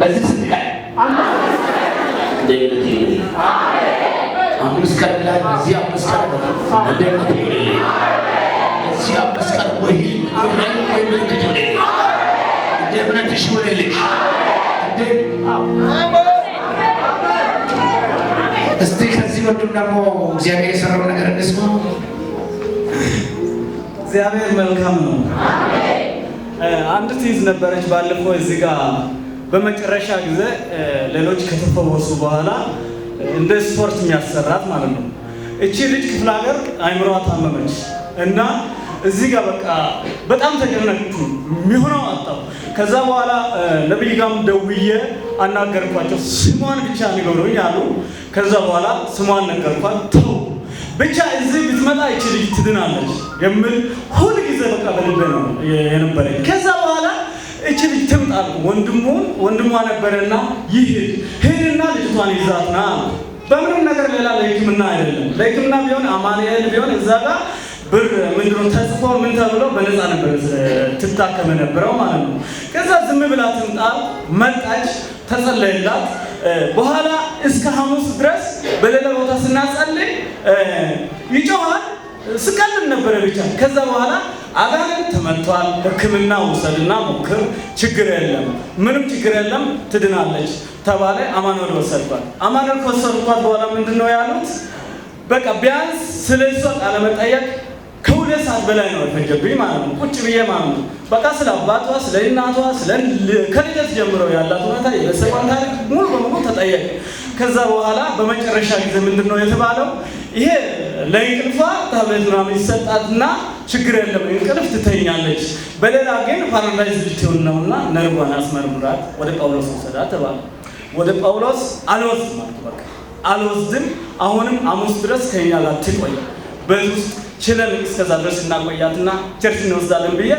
በዚህ ስንት ቀን? አምስት ቀን ላይ በዚህ አምስት ቀን እንደምት በዚህ አምስት ቀን ወይ ወይ ምልክት ሆነ እንደ እምነትሽ ሆነልሽ። እስቲ ከዚህ ወንድም ደግሞ እግዚአብሔር የሰራው ነገር እንስማ። እግዚአብሔር መልካም ነው። አንድ ትይዝ ነበረች ባለፈው እዚህ ጋር በመጨረሻ ጊዜ ሌሎች ከተፈወሱ በኋላ እንደ ስፖርት የሚያሰራት ማለት ነው። እቺ ልጅ ክፍለ ሀገር አይምሮዋ ታመመች እና እዚህ ጋር በቃ በጣም ተጨነቅኩ፣ የሚሆነው አጣው። ከዛ በኋላ ነብይ ጋም ደውዬ አናገርኳቸው። ስሟን ብቻ ንገሩኝ አሉ። ከዛ በኋላ ስሟን ነገርኳት። ተው ብቻ እዚህ ብትመጣ እቺ ልጅ ትድናለች የምል ሁል ጊዜ በቃ በልቤ ነው የነበረኝ። ከዛ እች ልጅ ትምጣል። ወንድሙን ወንድሟ ነበረና ይሄድ ሄድና ልጅቷን ይዛትና በምንም ነገር ሌላ ለህክምና አይደለም። ለሕክምና ቢሆን አማኑኤል ቢሆን እዛ ጋር ብር ምንድነው ተጽፎ ምን ተብሎ በነፃ ነበር ትታከመ ነበረው ማለት ነው። ከዛ ዝም ብላ ትምጣ መጣች፣ ተጸለይላት በኋላ እስከ ሐሙስ ድረስ በሌላ ቦታ ስናጸልይ ይጮኋል። ስቀልም ነበረ ብቻ ከዛ በኋላ አጋንንት ተመቷል፣ ሕክምና ውሰድና ሞክር፣ ችግር የለም፣ ምንም ችግር የለም፣ ትድናለች ተባለ። አማኑኤል ወሰድኳል? አማኑኤል ከወሰድኳል በኋላ ምንድን ነው ያሉት? በቃ ቢያንስ ስለ እሷ ቃለመጠየቅ ከሁለት ሰዓት በላይ ነው የፈጀብኝ ማለት ነው። ቁጭ ብዬ ማለት ነው። በቃ ስለ አባቷ፣ ስለ እናቷ፣ ስለ ከልደት ጀምሮ ያላት ሁኔታ የበሰቋን ታሪክ ሙሉ በሙሉ ተጠየቅ። ከዛ በኋላ በመጨረሻ ጊዜ ምንድን ነው የተባለው? ይሄ ለእንቅልፏ ታብሌት ምናምን ይሰጣትና ችግር የለም እንቅልፍ ትተኛለች። በሌላ ግን ፓራላይዝ ብትሆን ነውና ነርቧን አስመርምራት ወደ ጳውሎስ ውሰዳ ተባለ። ወደ ጳውሎስ አልወስድም ማለት በቃ አልወስድም፣ አሁንም አሙስ ድረስ ከኛ ጋር ትቆይ በዚህ ውስጥ ችለን እስከዛ ድረስ እናቆያትና ቸርች እንወስዳለን ብዬ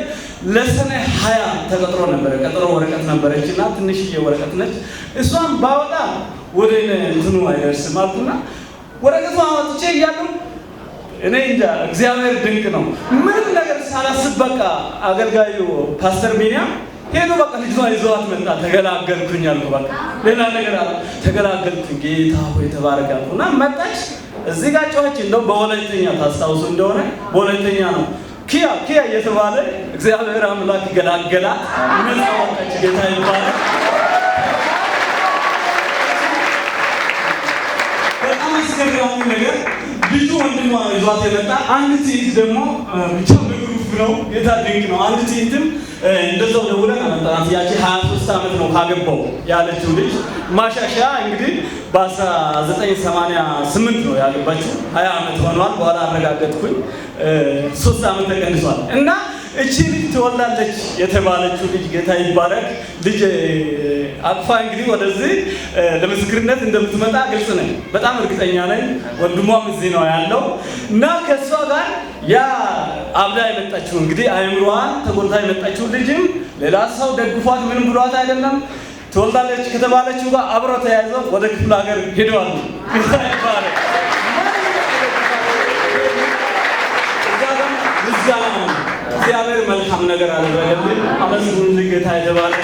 ለሰኔ ሀያ ተቀጥሮ ነበረ። ቀጥሮ ወረቀት ነበረች እና ትንሽዬ ወረቀት ነች። እሷን ባወጣ ወደ እንትኑ አይደርስም አልኩና ወረቀቱ አውጥቼ እያሉ እኔ እንጃ እግዚአብሔር ድንቅ ነው። ምንም ነገር ሳላስብ በቃ አገልጋዩ ፓስተር ቢኒያም ሄዶ በቃ ልጅቷ ይዘዋት መጣ። ተገላገልኩኝ አልኩ። በቃ ሌላ ነገር አለ ተገላገልኩኝ። ጌታ ሆይ ተባረክ አልኩ እና መጣች። እዚህ ጋር ጨዋች እንደው በሁለተኛ ታስታውሱ እንደሆነ በሁለተኛ ነው ኪያ ኪያ እየተባለ እግዚአብሔር አምላክ ይገላገላ ነፃ ጌታ ይባላል። በጣም አስገራሚ ነገር ልጁ ወንድሟ ይዟት የመጣ አንድ ትይት ደግሞ ብቻ በግሩፕ ነው። የታ ድንቅ ነው። አንድ ትዕይትም እንደዛው ደውለን አመጣናት። ያቺ 23 ዓመት ነው ካገባው ያለችው ልጅ ማሻሻያ እንግዲህ በ1988 ነው ያገባችው። 20 ዓመት ሆኗል። በኋላ አረጋገጥኩኝ። ሶስት አመት ተቀንሷል እና እቺ ልጅ ትወልዳለች የተባለችው ልጅ ጌታ ይባረክ ልጅ አቅፋ እንግዲህ ወደዚህ ለምስክርነት እንደምትመጣ ግልጽ ነኝ፣ በጣም እርግጠኛ ነኝ። ወንድሟም እዚህ ነው ያለው እና ከእሷ ጋር ያ አብዳ የመጣችው እንግዲህ አይምሯን ተጎድታ የመጣችው ልጅም ሌላ ሰው ደግፏት ምንም ብሏት አይደለም ትወልዳለች ከተባለችው ጋር አብሮ ተያይዘው ወደ ክፍለ ሀገር ሄደዋል። ጌታ ይባረክ። እግዚአብሔር መልካም ነገር አደረገብን። አመስግኑልኝ ጌታ የተባረከ